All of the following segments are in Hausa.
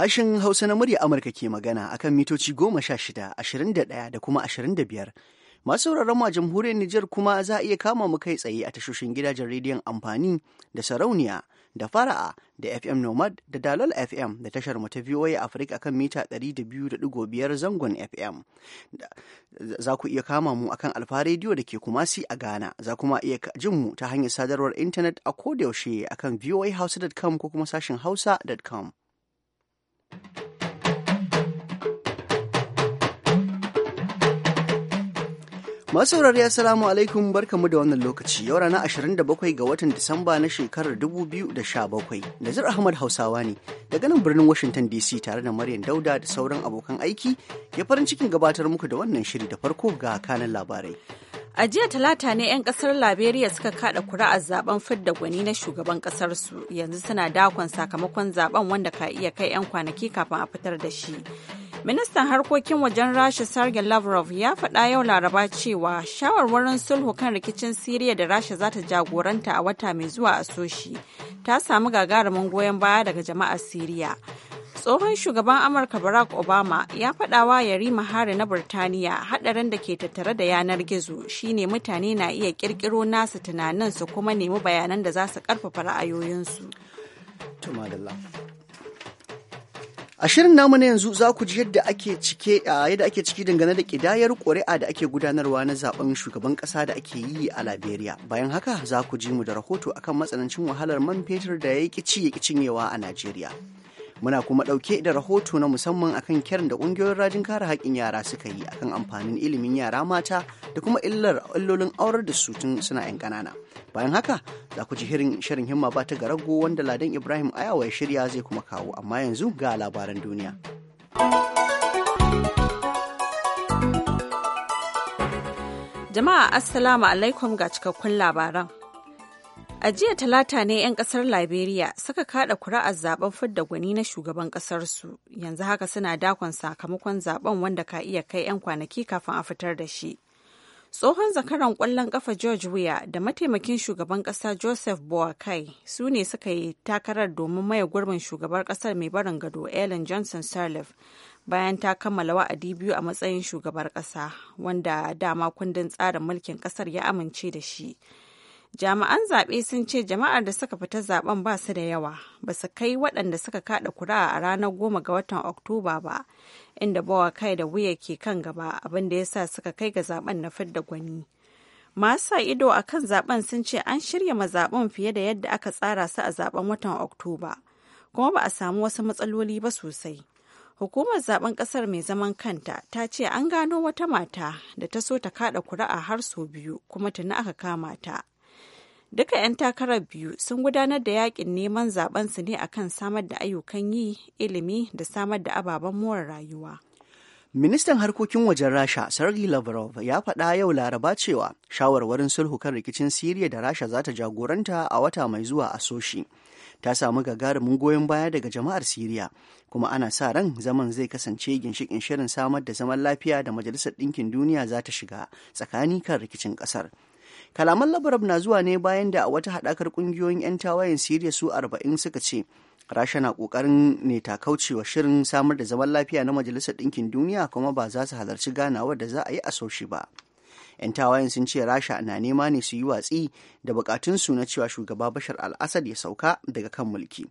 Sashen Hausa na murya Amurka ke magana akan mitoci goma sha shida, ashirin da ɗaya da kuma ashirin da biyar. Masu sauraron a jamhuriyar Nijar kuma za a iya kama mu kai tsaye a tashoshin gidajen rediyon amfani da sarauniya da fara'a da FM Nomad da dalal FM da tashar mu ta VOA Africa akan mita ɗari da da biyu 200.5 zangon FM. Za ku iya kama mu akan Alfa rediyo da ke Kumasi a Ghana. Za kuma iya jin mu ta hanyar sadarwar intanet a kodayaushe akan voahausa.com ko kuma sashin hausa.com. Masu saurari Assalamu alaikum barkamu da wannan lokaci yau rana 27 ga watan Disamba na shekarar 2017 Nazir Ahmad Hausawa ne daga nan birnin Washington DC tare da Maryam Dauda da sauran abokan aiki ya farin cikin gabatar muku da wannan shiri da farko ga kanan labarai. A jiya talata ne 'yan kasar Liberia suka kada kuri'ar zaben fidda gwani na shugaban kasar su yanzu suna dakon sakamakon zaben wanda ka iya kai 'yan kwanaki kafin a fitar da shi. Ministan harkokin wajen Rasha Sergei Lavrov ya faɗa yau Laraba cewa shawarwarin sulhu kan rikicin Siriya da Rasha za ta jagoranta a wata mai zuwa a soshi ta samu gagarumin goyon baya daga jama'ar Siriya. tsohon shugaban amurka barack obama ya faɗawa yarima hari na burtaniya haɗarin da ke tattare da yanar gizo shine mutane na iya kirkiro nasu tunanin su kuma nemi bayanan da za su karfafa ra'ayoyinsu a shirin namu na yanzu za ku ji yadda ake cike yadda ake ciki dangane da kidayar ƙuri'a da ake gudanarwa na zaben shugaban ƙasa da ake yi a Liberia bayan haka za ku ji mu da rahoto akan matsanancin wahalar man fetur da ya ki ci ya ki cinyewa a Najeriya. Muna kuma ɗauke da rahoto na musamman akan kiran da ƙungiyoyin rajin kare haƙƙin yara suka yi akan amfanin ilimin yara mata da kuma illar illolin aurar da su tun suna 'yan ƙanana. Bayan haka za ku ji shirin himma ba ta garago wanda Ladan Ibrahim Ayawa ya shirya zai kuma kawo amma yanzu ga labaran duniya. Jama'a Assalamu alaikum ga cikakkun labaran. A jiya talata ne 'yan kasar Liberia suka kada kuri'ar zaben fidda gwani na shugaban su yanzu haka suna dakon sakamakon zaben wanda ka iya kai 'yan kwanaki kafin a fitar da shi. Tsohon zakaran kwallon kafa George Weah da mataimakin shugaban kasa Joseph Boakai su ne suka yi takarar domin maye gurbin shugabar kasar mai barin gado Ellen Johnson Sirleaf bayan ta kammala wa'adi biyu a matsayin shugabar kasa wanda dama kundin tsarin mulkin kasar ya amince da shi. jami'an zaɓe sun ce jama'ar da suka fita zaben ba su da yawa ba su kai waɗanda suka kaɗa kura a ranar goma ga watan oktoba ba inda bawa kai da wuya ke kan gaba abin da ya sa suka kai ga zaben na fidda gwani masu sa ido a kan zaben sun ce an shirya mazaɓen fiye da yadda aka tsara su a zaben watan oktoba kuma ba a samu wasu matsaloli ba sosai hukumar zaben kasar mai zaman kanta ta ce an gano wata mata da ta so ta kaɗa kuri'a har sau biyu kuma tuni aka kama ta Duka 'yan takarar biyu sun gudanar da yakin neman su ne akan samar da ayyukan yi, ilimi da samar da ababen more rayuwa. Ministan harkokin wajen Rasha, Sergei Lavrov, ya faɗa yau Laraba cewa shawarwarin sulhu kan rikicin Siriya da Rasha za ta jagoranta a wata mai zuwa a Soshi. Ta samu gagarumin goyon baya daga jama'ar Siriya, kuma ana sa ran zaman zai kasance ginshikin shirin samar da zaman lafiya da Majalisar Ɗinkin Duniya za ta shiga tsakani kan rikicin ƙasar. kalaman labarab na zuwa ne bayan da a wata haɗakar ƙungiyoyin 'yan tawayen siriya su 40 suka ce rasha na ƙoƙarin ne ta kaucewa shirin samar da zaman lafiya na majalisar ɗinkin duniya kuma ba za su halarci ganawar da za a yi a soshi ba 'yan tawayen sun ce rasha na nema ne su yi watsi da bukatunsu na cewa shugaba bashar al-assad ya sauka daga kan mulki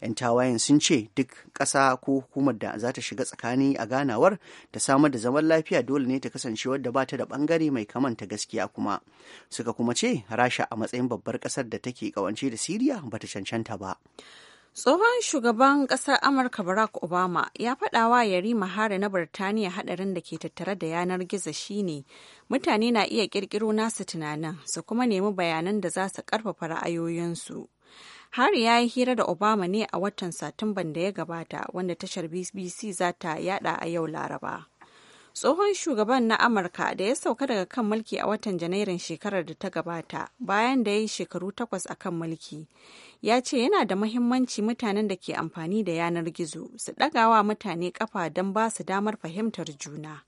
'yan tawayen sun ce duk ƙasa ko hukumar da za ta shiga tsakani a ganawar ta samar da zaman lafiya dole ne ta kasance wadda ba ta da ɓangare mai kamanta gaskiya kuma suka kuma ce rasha a matsayin babbar ƙasar da take ƙawance da siriya ba ta cancanta ba Tsohon shugaban ƙasar Amurka Barack Obama ya faɗa wa Yarima Hare na Birtaniya haɗarin da ke tattare da yanar gizo shine mutane na iya ƙirƙiro nasu tunanin su kuma nemi bayanan da za su ƙarfafa ra'ayoyinsu. Hari ya yi hira da Obama ne a watan Satumban da ya gabata wanda tashar BBC za ta yada a yau Laraba. tsohon shugaban na amurka da ya sauka daga kan mulki a watan janairun shekarar da ta gabata bayan da ya yi shekaru takwas a kan mulki ya ce yana da mahimmanci mutanen da ke amfani da yanar gizo su ɗagawa mutane kafa don ba su damar fahimtar juna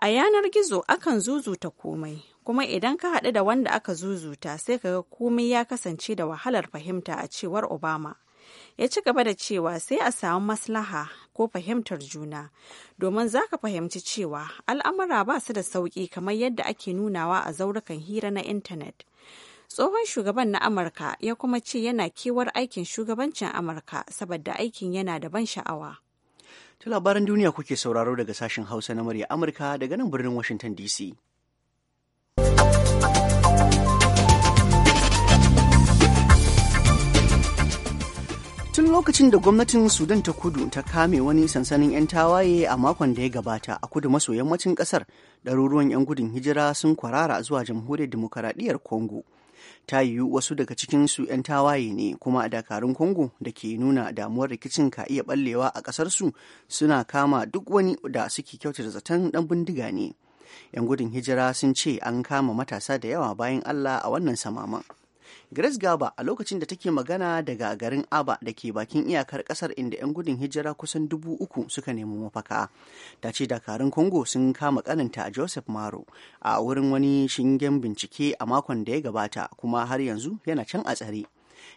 A yanar gizo akan zuzuta komai, kuma idan ka haɗu da wanda aka zuzuta sai ka ga komai ya kasance da wahalar fahimta a cewar Obama. Ya ci gaba da cewa sai a samu maslaha ko fahimtar juna, domin za ka fahimci cewa al'amura ba su da sauƙi kamar yadda ake nunawa a zaurukan hira na intanet. tsohon shugaban na amurka ya kuma ce yana kewar aikin shugabancin amurka saboda aikin yana da ban sha'awa Ta labaran duniya kuke sauraro daga sashen Hausa na murya Amurka daga nan birnin Washington DC. Tun lokacin da gwamnatin Sudan ta kudu ta kame wani sansanin 'yan tawaye a makon da ya gabata a kudu maso yammacin kasar, ɗaruruwan 'yan gudun hijira sun kwarara zuwa jamhuriyar demokaradiyyar Congo. ta yiwu wasu daga cikinsu 'yan tawaye ne kuma a dakarun congo da ke nuna damuwar rikicin ka iya ballewa a ƙasarsu suna kama duk wani da suke kyautata zaton ɗan bindiga ne 'yan gudun hijira sun ce an kama matasa da yawa bayan allah a wannan samaman. Grace Gaba a lokacin da take magana daga garin Aba da ke bakin iyakar kasar inda 'yan gudun hijira kusan dubu uku suka nemi mafaka. Ta ce dakarun Congo sun kama kananta Joseph Maro a wurin wani shingen bincike a makon da ya gabata kuma har yanzu yana can a tsare.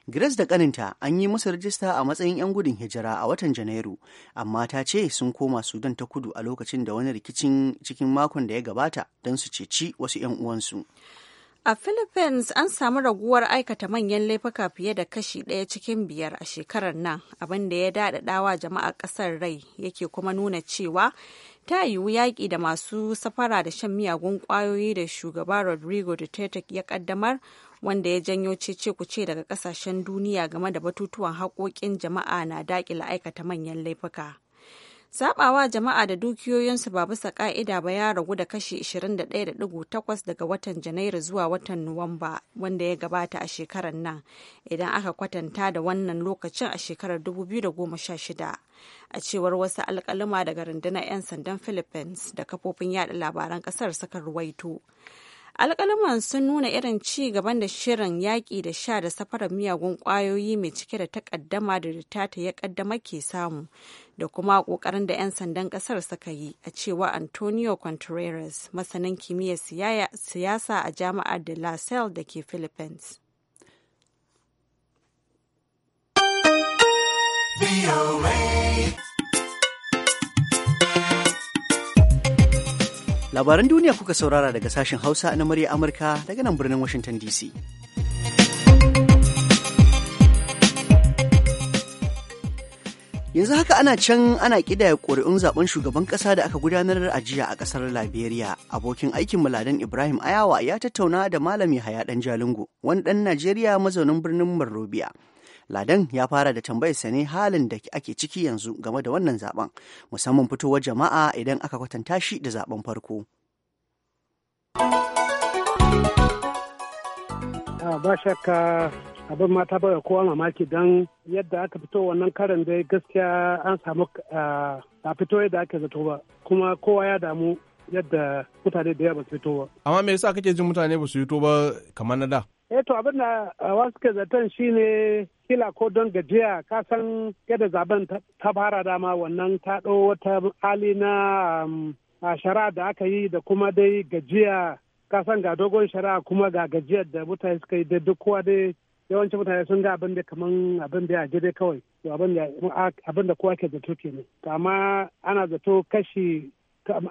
Grace da kaninta an yi musu rajista a matsayin 'yan gudun hijira a watan Janairu, amma ta ce sun koma Sudan ta kudu a lokacin da wani rikicin cikin makon da ya gabata don su ceci wasu 'yan uwansu. A Philippines an samu raguwar aikata manyan laifuka fiye da kashi ɗaya cikin biyar a shekarar nan, abin da ya daɗaɗawa jama'a ƙasar rai yake kuma nuna cewa ta yiwu yaƙi da masu safara da shan miyagun ƙwayoyi da shugaba Rodrigo Duterte ya ƙaddamar wanda ya janyo cece-kuce daga ƙasashen duniya game da batutuwan haƙoƙin jama'a na daƙila aikata manyan laifuka. Sabawa jama'a da dukiyoyinsu ba bisa ka'ida ba ya ragu da kashi 21.8 daga watan Janairu zuwa watan Nuwamba wanda ya gabata a shekarar nan idan aka kwatanta da wannan lokacin a shekarar 2016. A cewar wasu alkalima daga rundunar 'yan sandan Philippines da kafofin yada labaran kasar suka ruwaito. alkalaman sun nuna irin ci gaban da shirin yaƙi da sha da safarar miyagun ƙwayoyi mai cike da takaddama da ritata ya kaddama ke samu da kuma ƙoƙarin da 'yan sandan ƙasar suka yi a cewa antonio contreras masanin kimiyyar siyasa a jami'ar de la salle da ke philippines Labaran duniya kuka saurara daga sashen Hausa na murya Amurka daga nan birnin Washington DC. yanzu haka ana can ana kidaya ƙuri'un zaben shugaban ƙasa da aka gudanar a jiya a ƙasar liberia abokin aikin muladen ibrahim ayawa ya tattauna da malami haya ɗan jalingo wani ɗan najeriya mazaunin birnin monrovia Ladan ya fara da tambayar sa ne halin da ake ciki yanzu game da wannan zaben, musamman fitowar jama'a idan aka kwatanta shi da zaben farko. Ah, ba shakka abin mata ba kowa mamaki don yadda aka fito wannan karin dai gaskiya an samu ah, a fito yadda aka zato ba kuma kowa ya damu yadda mutane da yawa su fito ba. Amma me yasa kake jin mutane ba su fito ba kamar na da? Eh to abin da ah, wasu ke zaton shine kila ko don gajiya ka san yadda zaben ta fara dama wannan ta ɗau wata hali na um, shara da aka yi da kuma dai gajiya ka san ga dogon shara kuma ga gajiyar da mutane suka yi da duk kowa dai yawancin mutane sun ga abin da kaman abin da ya dai kawai to abin da kowa ke zato kenan to amma ana zato kashi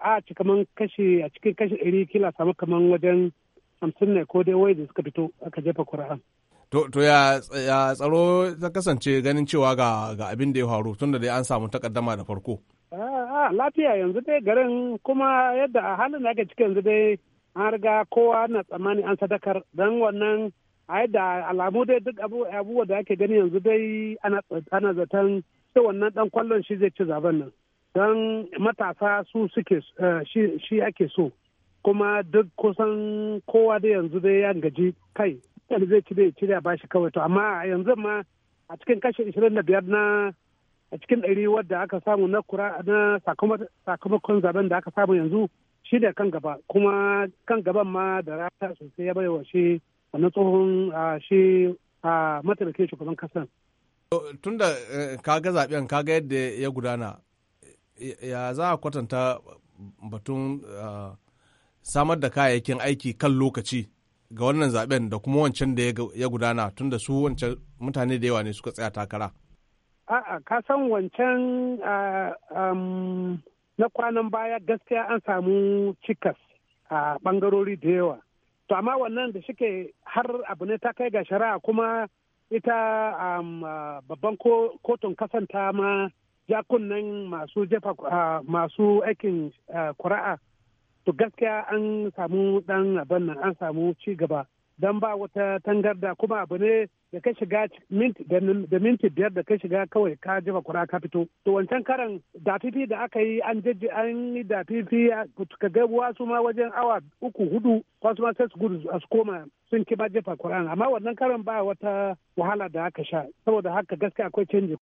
a ci kaman kashi a cikin kashi ɗari kila samu kaman wajen hamsin ne ko dai wai da suka fito aka jefa kura'an to ya tsaro ta kasance ganin cewa ga abin da ya faru tun da dai an samu takaddama da farko ah, ah, lafiya yanzu dai garin kuma yadda a halin da ake cikin yanzu dai an riga kowa na tsammani an sadakar don wannan a yadda alamu dai duk abubuwa da ake gani yanzu dai ana zaton sai wannan dan kwallon shi zai ci zaben nan don matasa su suke eh, shi ake so kuma duk kusan kowa da yanzu dai ya gaji kai wanda zai cire cire ba shi kawai to amma yanzu ma a cikin kashi ishirin da biyar na a cikin ɗari wadda aka samu na kura na sakamakon zaben da aka samu yanzu shi ne kan gaba kuma kan gaban ma da rata sosai ya bai wa shi wannan tsohon shi a mataimakin shugaban kasan. tun da eh, kaga zaben kaga yadda ya gudana ya za a kwatanta batun samar da kayayyakin aiki kan lokaci ga wannan zaben da kuma wancan da ya gudana tun da su wancan mutane da yawa ne suka tsaya takara? A'a, ka san wancan na kwanan baya gaskiya an samu cikas a bangarori da yawa. To amma wannan da shike har abu ne ta kai ga shari'a kuma ita babban kotun kasanta ma jakunan masu aikin kura'a to gaskiya an samu dan abin nan an samu ci gaba dan ba wata tangarda kuma abu ne da ka shiga da minti biyar da ka shiga kawai ka jefa kura ka fito to wancan karan dafifi da aka yi an jajji an yi dafifi ka ga wasu ma wajen awa uku hudu wasu ma sai su gudu su koma sun ki ba jefa kura amma wannan karan ba wata wahala da aka sha saboda haka gaskiya akwai canji.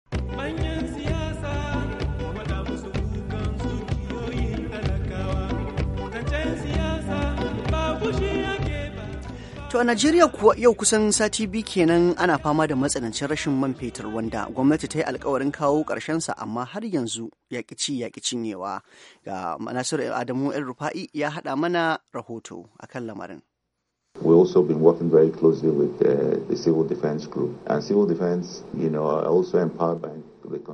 To a Najeriya kuwa yau kusan sati biyu kenan ana fama da matsanancin rashin man fetur wanda gwamnati ta yi alkawarin kawo sa amma har yanzu yaƙi ci yaƙi cinyewa. Ga Nasiru Adamu ‘yan rufa'i ya haɗa mana rahoto akan lamarin. We also been working very closely with uh, the civil defense group and civil defense, you know, are also empowered by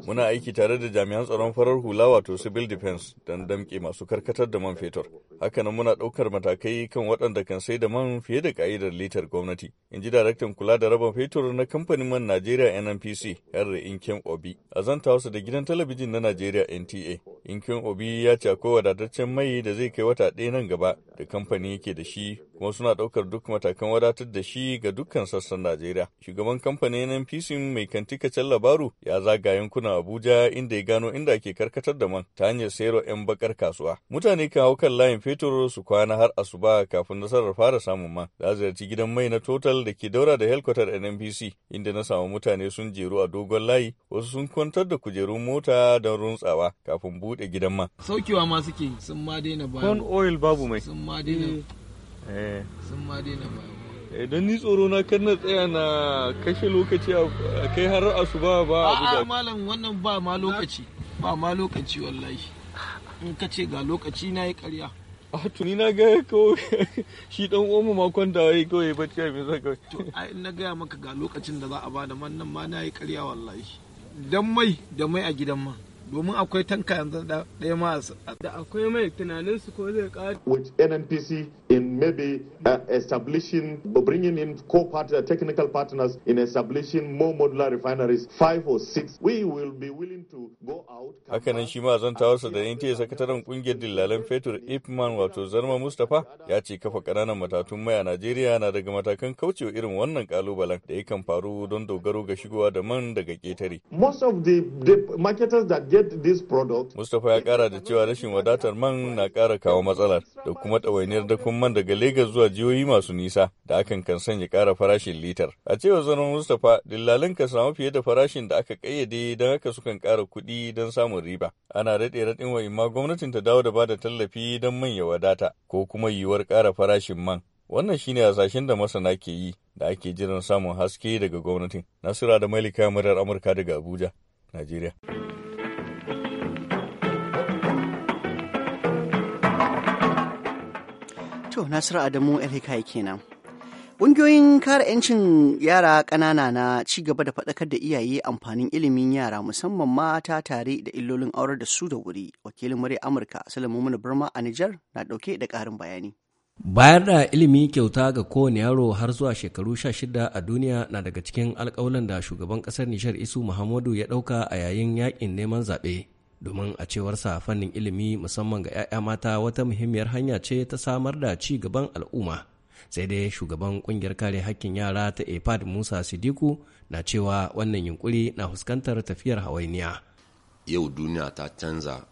Muna aiki tare da jami'an tsaron farar hula wato civil defense don damƙe masu karkatar da man fetur. Hakanan muna ɗaukar matakai kan waɗanda kan sai da man fiye da ka'idar litar gwamnati. In ji daraktan kula da rabon fetur na kamfanin man Najeriya NNPC, Henry inken Obi, a zanta wasu da gidan talabijin na Najeriya NTA. inken Obi ya ce akwai wadataccen mai da zai kai wata ɗaya nan gaba da kamfani yake da shi kuma suna ɗaukar duk matakan wadatar da shi ga dukkan sassan Najeriya. Shugaban kamfanin NNPC mai kantika labaru ya zaga yankunan Abuja inda ya gano inda ake karkatar da man ta hanyar sayarwa 'yan bakar kasuwa. Mutane kan hau kan layin fetur su kwana har asuba kafin nasarar fara samun man. Da ziyarci gidan mai na Total da ke daura da helkwatar NNPC inda na samu mutane sun jeru a dogon layi wasu sun kwantar da kujerun mota don runtsawa kafin buɗe gidan man. Saukewa ma suke sun ma daina bayan. Corn oil babu mai. Sun ma daina. Eh. Sun ma daina bayan. idan eh, ni tsoro na kan na tsaya na kashe lokaci a kai har asuba ba abu malam wannan ba ma lokaci ba ma lokaci wallahi in ka ce ga lokaci na yi karya a ah, tuni na ga ko shi dan uwanmu ma kwanta wai kawai bacci a bisa kawai to ai na gaya maka ga lokacin da za a bada man nan ma na yi karya wallahi dan mai da mai a gidan ma domin akwai tanka yanzu da ɗaya ma da akwai mai tunanin su ko zai ƙara. with nnpc in maybe uh, establishing bringing in co partner uh, technical partners in establishing more modular refineries five or six we will be willing to go out. hakanan shi ma zanta wasu da nta sakataren kungiyar dillalan fetur ipman wato zarma mustapha ya ce kafa ƙananan matatun mai a najeriya na daga matakan kaucewa irin wannan kalubalen da yakan faru don dogaro ga shigowa da man daga ketare. most of the, the marketers that get product. Mustapha ya kara da cewa rashin wadatar man na kara kawo matsalar da kuma ɗawainiyar dakon man daga Legas zuwa jihohi masu nisa da akan kan sanya kara farashin litar. A cewar zanen Mustapha, dillalin ka samu fiye da farashin da aka kayyade don haka sukan kara kuɗi don samun riba. Ana daɗe raɗin wa imma gwamnatin ta dawo da ba da tallafi don man ya wadata ko kuma yiwuwar kara farashin man. Wannan shine hasashen da masana ke yi da ake jiran samun haske daga gwamnatin. Nasira da Malika murar Amurka daga Abuja, Najeriya. To, Nasiru Adamu Elhikai kenan. Ƙungiyoyin kare 'yancin yara ƙanana na ci gaba da faɗakar da iyaye amfanin ilimin yara musamman mata tare da illolin aurar da su da wuri. Wakilin murya Amurka, Salamu Burma a Nijar na ɗauke da ƙarin bayani. Bayar da ilimi kyauta ga kowane yaro har zuwa shekaru sha shida a duniya na daga cikin alkawalan da shugaban ƙasar Nijar Isu Muhammadu ya ɗauka a yayin yaƙin neman zaɓe. domin a cewarsa fannin ilimi musamman ga 'ya'ya mata wata muhimmiyar hanya ce ta samar da ci gaban al'umma sai dai shugaban kungiyar kare hakkin yara ta epad musa sidiku na cewa wannan yunkuri na fuskantar tafiyar hawainiya yau duniya ta canza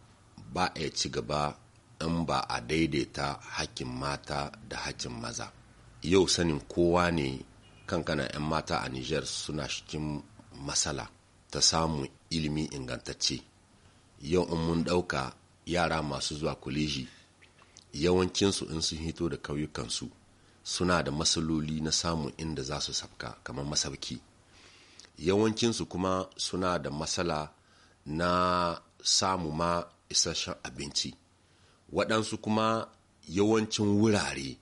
ba a ci gaba in ba a daidaita hakkin mata da hakkin maza yau sanin kowa ne kankana 'yan mata a niger suna cikin matsala ta samun ilimi ingantacce yau in mun ɗauka yara masu zuwa kuleji, yawancinsu in sun hito da kauyukansu suna da matsaloli na samun inda za su sabka kamar masauki yawancinsu kuma suna da matsala na samu ma isasshen abinci waɗansu kuma yawancin wurare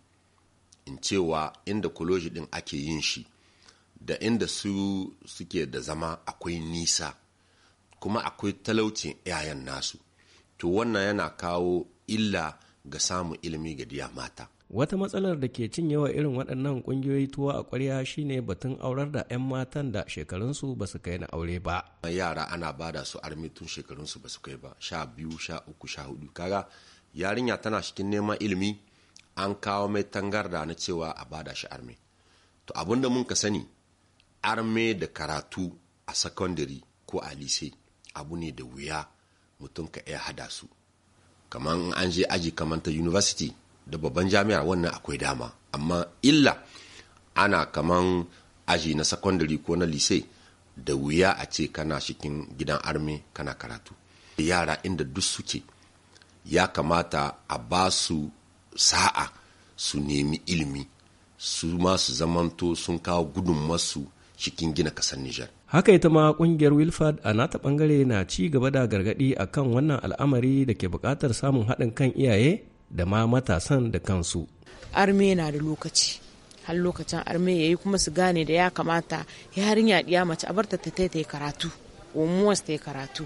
in cewa inda kuloji ɗin ake yin shi da inda su suke da zama akwai nisa kuma akwai talaucin 'ya'yan nasu to wannan yana kawo illa ga samun ilimi ga diya mata wata matsalar da ke cin yawa irin waɗannan ƙungiyoyi tuwa a ƙwarya shine batun aurar da 'yan matan da shekarunsu ba su kai na aure ba yara ana ba da su armi tun shekarunsu ba su kai ba sha biyu sha uku sha hudu kaga yarinya tana cikin neman ilimi an kawo mai tangarda na cewa a ba da shi arme to abin da mun ka sani arme da karatu a sakandare ko a lise abu ne da wuya mutum ka iya hada su kamar an je aji kamar ta university da babban jami'a wannan akwai dama amma illa ana kamar aji na secondary ko na lise da wuya a ce kana cikin gidan armi kana karatu yara inda duk suke ya kamata a ba su sa'a su nemi ilimi su ma su zamanto sun kawo gudunmasu cikin gina kasar Nijar. haka ita ma kungiyar wilfad a nata bangare na ci gaba da gargadi a kan wannan al'amari da ke bukatar samun haɗin kan iyaye da ma matasan da kansu arme na da lokaci har lokacin arme ya yi kuma su gane da ya kamata yarinya ɗiya mace a barta ta ta yi karatu omuwas ta yi karatu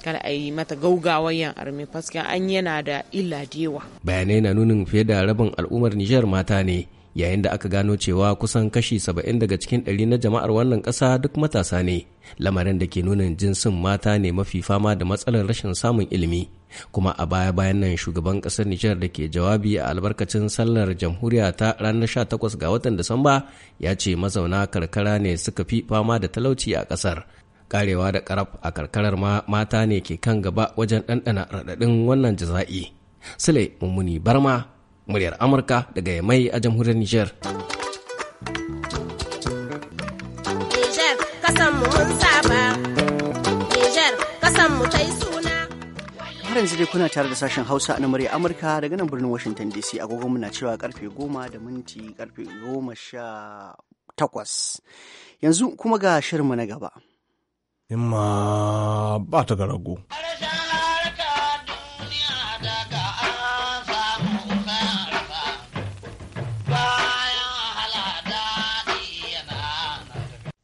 kada a yi mata gaugawar yan arme fasken an yana da illa da yawa bayanai na nunin fiye da rabin al'ummar nijar mata ne yayin da aka gano cewa kusan kashi saba'in daga cikin ɗari na jama'ar wannan ƙasa duk matasa ne lamarin da ke nuna jinsin mata ne mafi fama da matsalar rashin samun ilimi kuma a baya bayan nan shugaban ƙasar nijar da ke jawabi a albarkacin sallar jamhuriya ta ranar sha takwas ga watan disamba ya ce mazauna karkara ne suka fi fama da talauci a ƙasar karewa da karaf a karkarar ma mata ne ke kan gaba wajen ɗanɗana raɗaɗin wannan jaza'i sule mummuni barma muryar amurka daga yamai a jamhuriyar niger har yanzu dai kuna tare da sashen hausa na murya amurka daga nan birnin washington dc agogon muna cewa karfe goma da minti karfe goma sha takwas yanzu kuma ga mu na gaba imma ba ta ga rago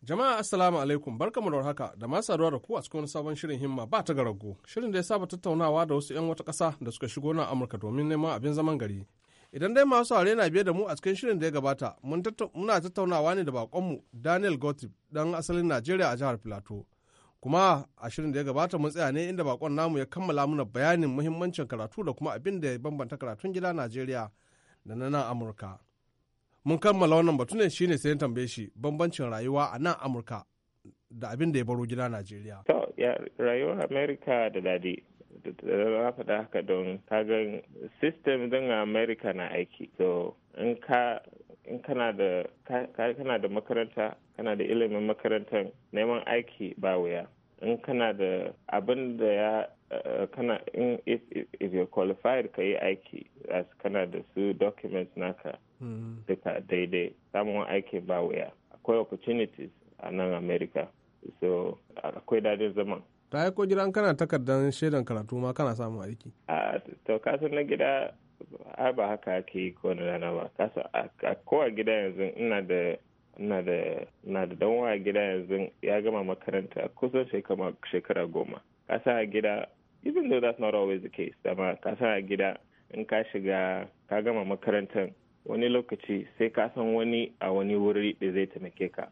Jama'a Assalamu alaikum barkamu da haka da masu saduwa da ku a cikin sabon shirin himma ba ta garago. Shirin da ya saba tattaunawa da wasu 'yan wata ƙasa da suka shigo na Amurka domin neman abin zaman gari. Idan dai masu saurare na biye da mu a cikin shirin da ya gabata, muna tattaunawa ne da bakonmu Daniel Gottlieb dan asalin Najeriya a jihar Filato. Kuma a shirin da ya gabata mun tsaya ne inda bakon namu ya kammala muna bayanin muhimmancin karatu da kuma abin da ya bambanta karatun gida Najeriya da na nan Amurka. mun kammala wannan batu ne shine sai tambaye shi bambancin rayuwa a nan amurka da abin da ya baro gida najeriya to ya rayuwar amerika da dadi na faɗa haka don kagan system din amerika na aiki so in ka in kana da kana da makaranta kana da ilimin makarantar neman aiki ba wuya in kana da abin da ya eh, kana in if, if, if qualified ka yi aiki as kana da su documents naka duka daidai samun aiki ba wuya akwai opportunities a nan america so akwai dadin zaman ta aiko gidan kana takardar shaidan karatu ma kana samun aiki a to kasan na gida har ba haka ake yi ko rana ba kasa a kowa gida yanzu ina da ina da dan gida yanzu ya gama makaranta kusan shekara goma kasa a gida even though that's not always the case dama kasa a gida in ka shiga ka gama makarantar wani lokaci sai ka san wani a wani wuri da zai taimake ka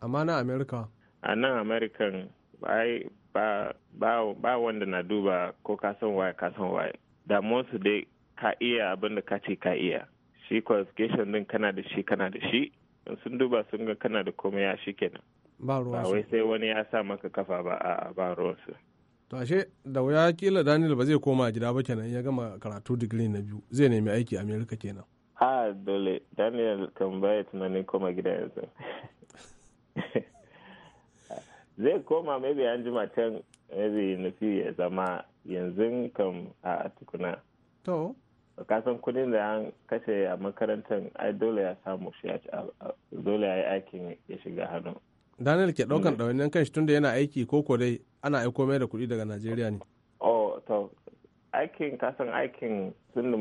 amma na Amerika. a nan american ba wanda na duba ko ka san waye ka san waye damuwarsu dai ka iya abin da ka ce ka iya shi qualification din kana da shi kana da shi sun duba sun ga kana da komai ya shi kenan ba ruwa wai sai wani ya sa maka kafa ba a ba ruwan su to ashe da wuya kila Daniel ba zai koma gida ba kenan ya gama karatu digiri na biyu zai nemi aiki America kenan a dole daniel kan baya tunanin koma gida yanzu zai koma maybe an ji matan maybe nufi ya zama yanzu kan a tukuna to kasan kudin da an kashe a makarantar ai dole ya samu shi a dole ya yi aikin ya shiga hannu daniel ke daukan mm. ɗawainiyar kan shi tunda yana aiki ko ko dai ana aiko mai da kuɗi daga najeriya ne oh, aikin kasan aikin tun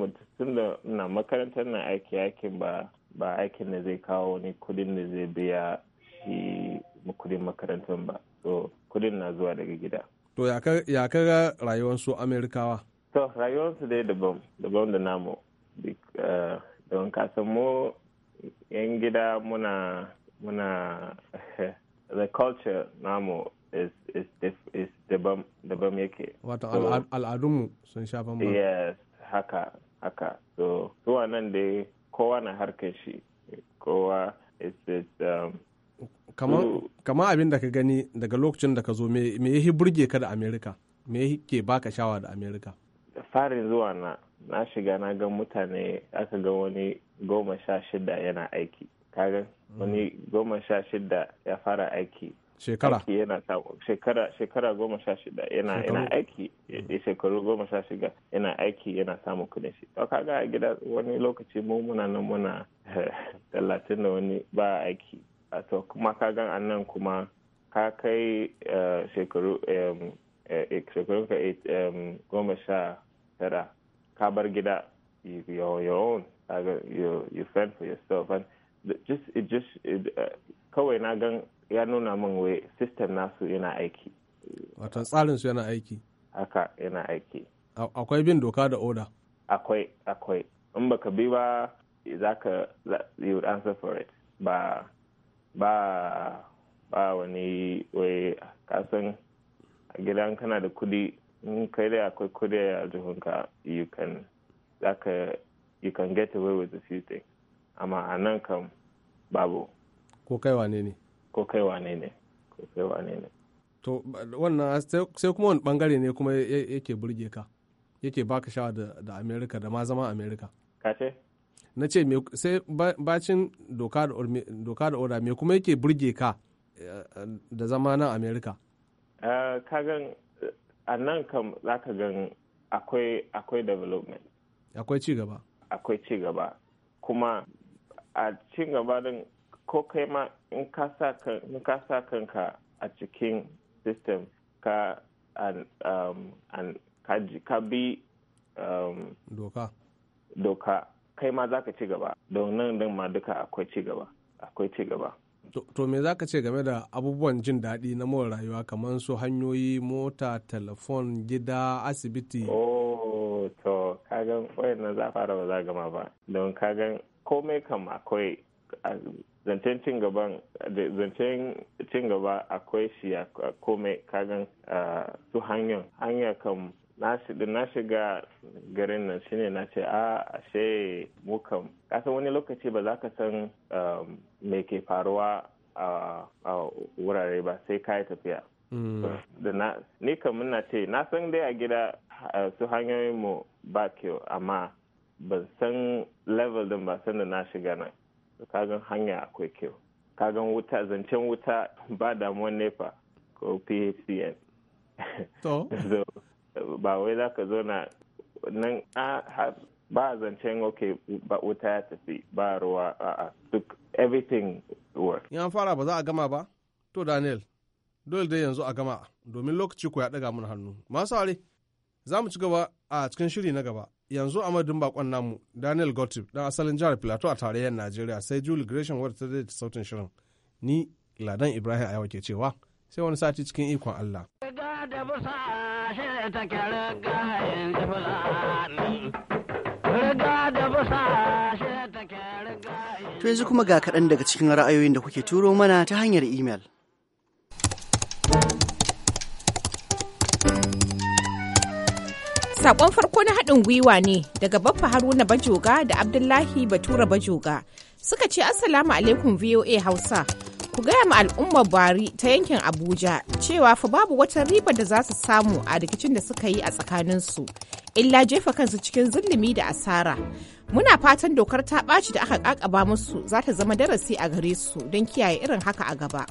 da na makarantar na aiki aikin ba ba aikin da zai kawo ni kudin da zai biya shi kudin makarantar ba so kudin na zuwa daga gida to ya kaga rayuwar su amerikawa to rayuwar su dai daban daban da namu eh, don kasan mu yan gida muna muna the culture namu is daban yake wato al'adunmu sun sha bambam yes haka haka so zuwa nan dai kowa na harkar shi kowa is um, Kama abin da ka gani daga lokacin da ka zo me ya burge ka da amerika me ke baka shawa da amerika farin zuwa na na shiga na ga mutane aka ga wani goma sha shida yana aiki kaga mm. wani goma sha shida ya fara aiki shekara yana shekara shekara goma sha shida yana yana aiki da eh, shekaru goma sha shiga yana aiki yana samun kudin shi to kaga a gida wani lokaci mu muna nan muna talatin da wani ba aiki to kuma ka gan nan kuma ka kai eh, shekaru eh, shekaru ka goma sha tara ka bar gida your own you fend for yourself and just it just kawai na gan ya nuna min wai system nasu yana aiki wata tsarin su yana aiki haka yana aiki akwai bin doka da oda akwai akwai in baka bi ba za ka you answer for it ba ba ba wani wai kasan a gidan kana da kudi in kai da akwai kudi a jihunka you can za ka you can get away with a few things amma a nan kam babu ko kaiwa ne ne ko kai wane ne ko kai wane ne to wannan sai kuma wani bangare ne kuma yake burge ka yake baka sha da america da ma zama amerika ka ce na ce sai bacin doka da oda me kuma yake burge ka eh, da zama na amerika eh, ka gan a nan kam za ka gan akwai development akwai cigaba akwai cigaba kuma a cigaba din ko kai ma in ka sa kanka a cikin system ka an, um, an ka bi um, doka doka kai ma za ka ci gaba nan din ma duka akwai ci gaba akwai ci gaba to me za ka ce game da abubuwan jin daɗi na more rayuwa kamar su hanyoyi mota telefon gida asibiti oh to kagan wayan na za fara ba za gama ba don kagan komai kam akwai zancen cin gaba akwai shi a komai kagan su hanyar hanya kan na shiga garin nan shine na ce a ashe mu kam kasan wani lokaci ba za ka san um, me ke faruwa a wurare ba sai ka yi tafiya mm. ni kam muna ce na san dai a gida su hanyoyin mu ba kyau amma ban san level din ba san da na shiga nan kagan hanya akwai kyau kagan wuta zancen wuta ba damuwan nepa ko phcn to ba wai za ka zo nan ba zancen ok ba wuta ya tafi ba ruwa a duk everything work ya fara ba za a gama ba to daniel dole dai yanzu a gama domin lokaci ku ya daga mun hannu masu aure za mu ci gaba a cikin shiri na gaba yanzu a madadin bakon namu daniel gottlieb dan asalin jihar plateau a tarayyar najeriya sai julie gresham wadda ta daidaita sautin shirin ni ladan ibrahim ayawa ke cewa sai wani sati cikin ikon allah To yanzu kuma ga kaɗan daga cikin ra'ayoyin da kuke turo mana ta hanyar imel. Sakon farko na haɗin gwiwa ne daga Baffa Haruna Bajoga da Abdullahi Batura Bajoga. Suka ce Assalamu alaikum VOA Hausa. Ku gaya ma al'ummar Bari ta yankin Abuja cewa fa babu wata riba da za su samu a rikicin da suka yi a tsakaninsu. Illa jefa kansu cikin zulumi da asara. Muna fatan dokar ta ɓaci da aka ƙaƙaba musu za ta zama darasi a gare su don kiyaye irin haka a gaba.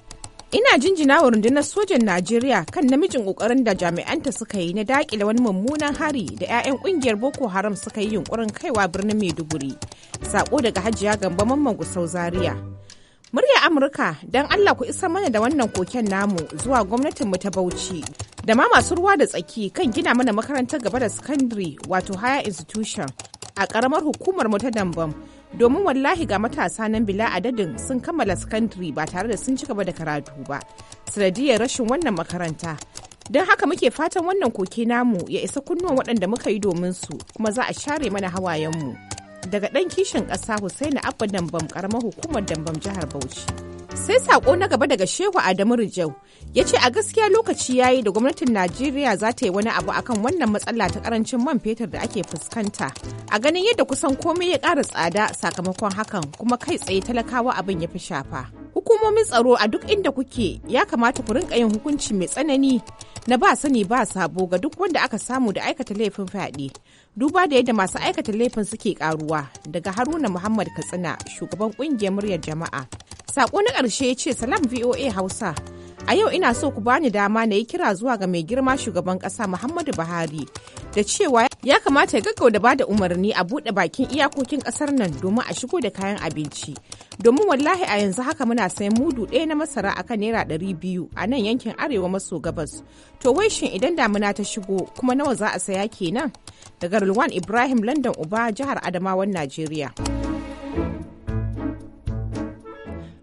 Ina jinjina wa rundunar sojan Najeriya kan namijin kokarin da jami'anta suka yi na dakile wani mummunan hari da 'ya'yan kungiyar Boko Haram suka yi yunkurin kaiwa birnin Maiduguri. Sako daga Hajiya Gambo Mamman Gusau Zaria. Murya Amurka don Allah ku isa mana da wannan koken namu zuwa gwamnatinmu ta Bauchi da ma masu ruwa da tsaki kan gina mana makarantar gaba da sakandare wato higher institution a ƙaramar hukumar mu ta Dambam domin wallahi ga matasa nan bila adadin sun kammala sakandare ba tare da sun ci gaba da karatu ba sanadiyar rashin wannan makaranta don haka muke fatan wannan koke namu ya isa kunnuwan waɗanda muka yi domin su kuma za a share mana hawayenmu daga ɗan kishin ƙasa Hussaini Abba Dambam ƙaramar hukumar Dambam jihar Bauchi. sai sako na gaba daga shehu adamu rijau ya ce a gaskiya lokaci ya yi da gwamnatin najeriya za ta yi wani abu akan wannan matsala ta karancin man fetur da ake fuskanta a ganin yadda kusan komai ya ƙara tsada sakamakon hakan kuma kai tsaye talakawa abin ya fi shafa hukumomin tsaro a duk inda kuke ya kamata ku rinka yin hukunci mai tsanani na ba sani ba sabo ga duk wanda aka samu da aikata laifin fyaɗe duba da yadda masu aikata laifin suke karuwa daga haruna muhammad katsina shugaban ƙungiyar muryar jama'a sako na ƙarshe ya ce salam voa hausa A yau ina so ku bani dama na yi kira zuwa ga mai girma shugaban ƙasa Muhammadu Buhari da cewa ya kamata ya da bada umarni a buɗe bakin iyakokin ƙasar nan domin a shigo da kayan abinci. Domin wallahi a yanzu haka muna sayan mudu ɗaya na masara akan naira ɗari biyu a nan yankin arewa maso gabas. To wai shin idan damuna ta shigo kuma nawa za a saya kenan? Daga Rulwan Ibrahim London Uba jihar Adamawan Najeriya.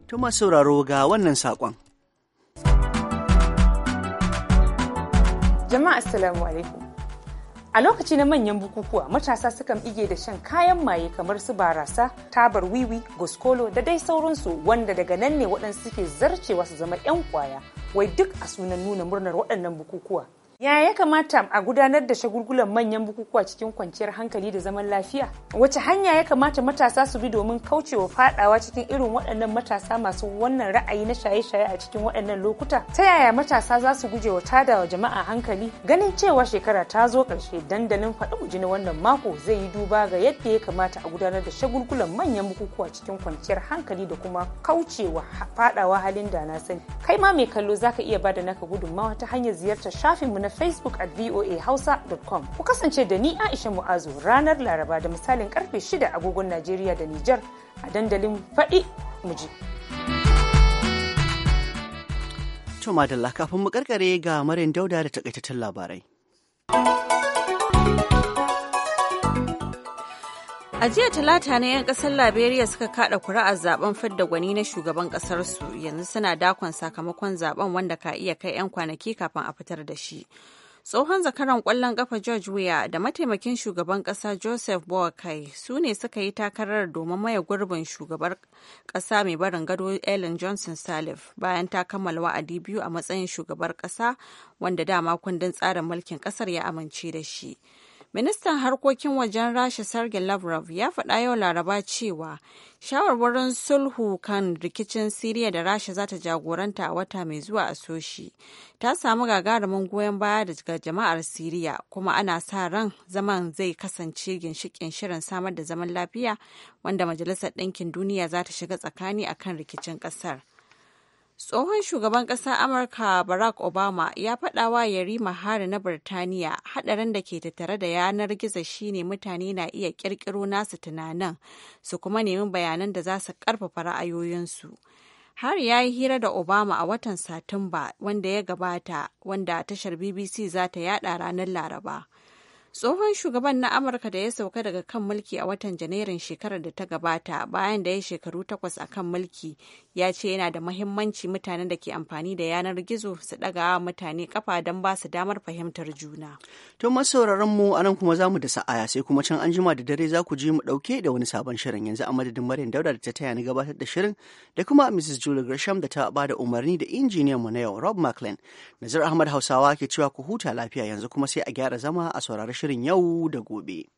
Tuma sauraro ga wannan saƙon. Jama'a Assalamu alaikum. A lokaci na manyan bukukuwa matasa sukan ige da shan kayan maye kamar su barasa, tabar wiwi, goskolo da dai sauransu wanda daga nan ne waɗansu suke zarcewa su zama 'yan kwaya wai duk a sunan nuna murnar waɗannan bukukuwa. Ya ya kamata a gudanar da shagulgulan manyan bukukuwa cikin kwanciyar hankali da zaman lafiya? Wace hanya ya kamata matasa su bi domin kaucewa fadawa cikin irin waɗannan matasa masu wannan ra'ayi na shaye-shaye a cikin waɗannan lokuta? Ta yaya matasa za su gujewa tadawa jama'a hankali? Ganin cewa shekara ta zo karshe, dandalin faɗi uji na wannan mako zai yi duba ga yadda ya kamata a gudanar da shagulgulan manyan bukukuwa cikin kwanciyar hankali da kuma kaucewa fadawa halin da na sani. Kai ma mai kallo zaka iya ba da naka gudunmawa ta hanyar ziyartar shafinmu na Facebook at voahausa.com. Ku kasance da ni Aisha Mu'azu ranar Laraba da misalin karfe 6 agogon Najeriya da Nijar a dandalin faɗi muji. To madalla kafin mu karkare ga Maryam Dauda da takaitattun labarai. A jiya talata ne 'yan kasar Liberia suka kada kuri'ar zaben fidda gwani na shugaban kasar su yanzu suna dakon sakamakon zaben wanda ka iya kai 'yan kwanaki kafin a fitar da shi. Tsohon zakaran kwallon kafa George Weah da mataimakin shugaban kasa Joseph Boakai su ne suka yi takarar domin maye gurbin shugabar kasa mai barin gado Ellen Johnson salif bayan ta kammala wa'adi biyu a matsayin shugabar kasa wanda dama kundin tsarin mulkin kasar ya amince da shi. Ministan harkokin wajen Rasha Sergei Lavrov ya faɗa yau Laraba cewa shawarwarin sulhu kan rikicin Siriya da Rasha za ta jagoranta a wata mai zuwa a Soshi ta samu gagarumin goyon baya daga jama'ar Siriya kuma ana sa ran zaman zai kasance ginshikin shirin samar da zaman lafiya wanda Majalisar Ɗinkin Duniya za ta shiga tsakani akan rikicin ƙasar. Tsohon shugaban ƙasar Amurka Barack Obama ya faɗa wa Yarima Hari na Birtaniya haɗarin da ke tattare da yanar gizo shine mutane na iya ƙirƙiro nasu tunanin su kuma nemi bayanan da za su ƙarfafa ra'ayoyinsu. har ya yi hira da Obama a watan Satumba wanda ya gabata wanda tashar BBC za ta yada ranar Laraba. tsohon shugaban na amurka da ya sauka daga kan mulki a watan janairun shekarar da ta gabata bayan da ya shekaru takwas a kan mulki ya ce yana da mahimmanci mutanen da ke amfani da yanar gizo su daga mutane kafa don ba su damar fahimtar juna to masauraran mu nan kuma za mu da sa'aya sai kuma can an jima da dare za ku ji mu ɗauke da wani sabon shirin yanzu a madadin maryam dauda da ta taya ni gabatar da shirin da kuma mrs julie gresham da ta ba da umarni da injiniyan mu na yau rob mclean nazar ahmad hausawa ke cewa ku huta lafiya yanzu kuma sai a gyara zama a saurari shirin yau da gobe.